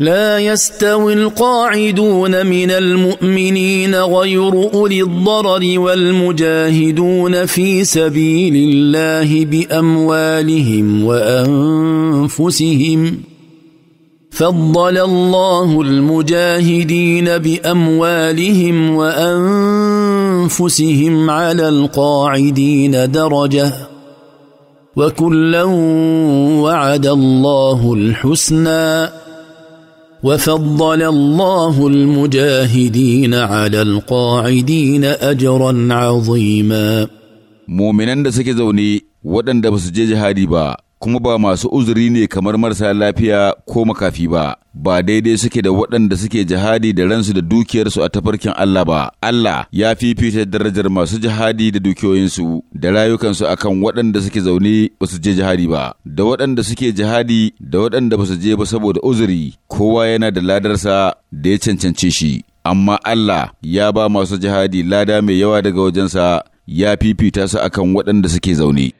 لا يستوي القاعدون من المؤمنين غير اولي الضرر والمجاهدون في سبيل الله باموالهم وانفسهم فضل الله المجاهدين باموالهم وانفسهم على القاعدين درجه وكلا وعد الله الحسنى وفضل الله المجاهدين على القاعدين أجرا عظيما مؤمنا da suke ودن waɗanda ba su kuma ba masu uzuri ne kamar marasa lafiya ko makafi ba, ba daidai suke da waɗanda suke jihadi da ransu da dukiyarsu a tafarkin Allah ba, Allah ya fifita darajar masu jihadi da dukiyoyinsu da rayukansu akan waɗanda suke zaune ba su je jihadi ba, da waɗanda suke jihadi da waɗanda ba su je ba saboda uzuri, kowa yana da ladarsa da ya cancance shi. Amma Allah ya ba masu jihadi lada mai yawa daga wajensa ya fifita su akan waɗanda suke zaune.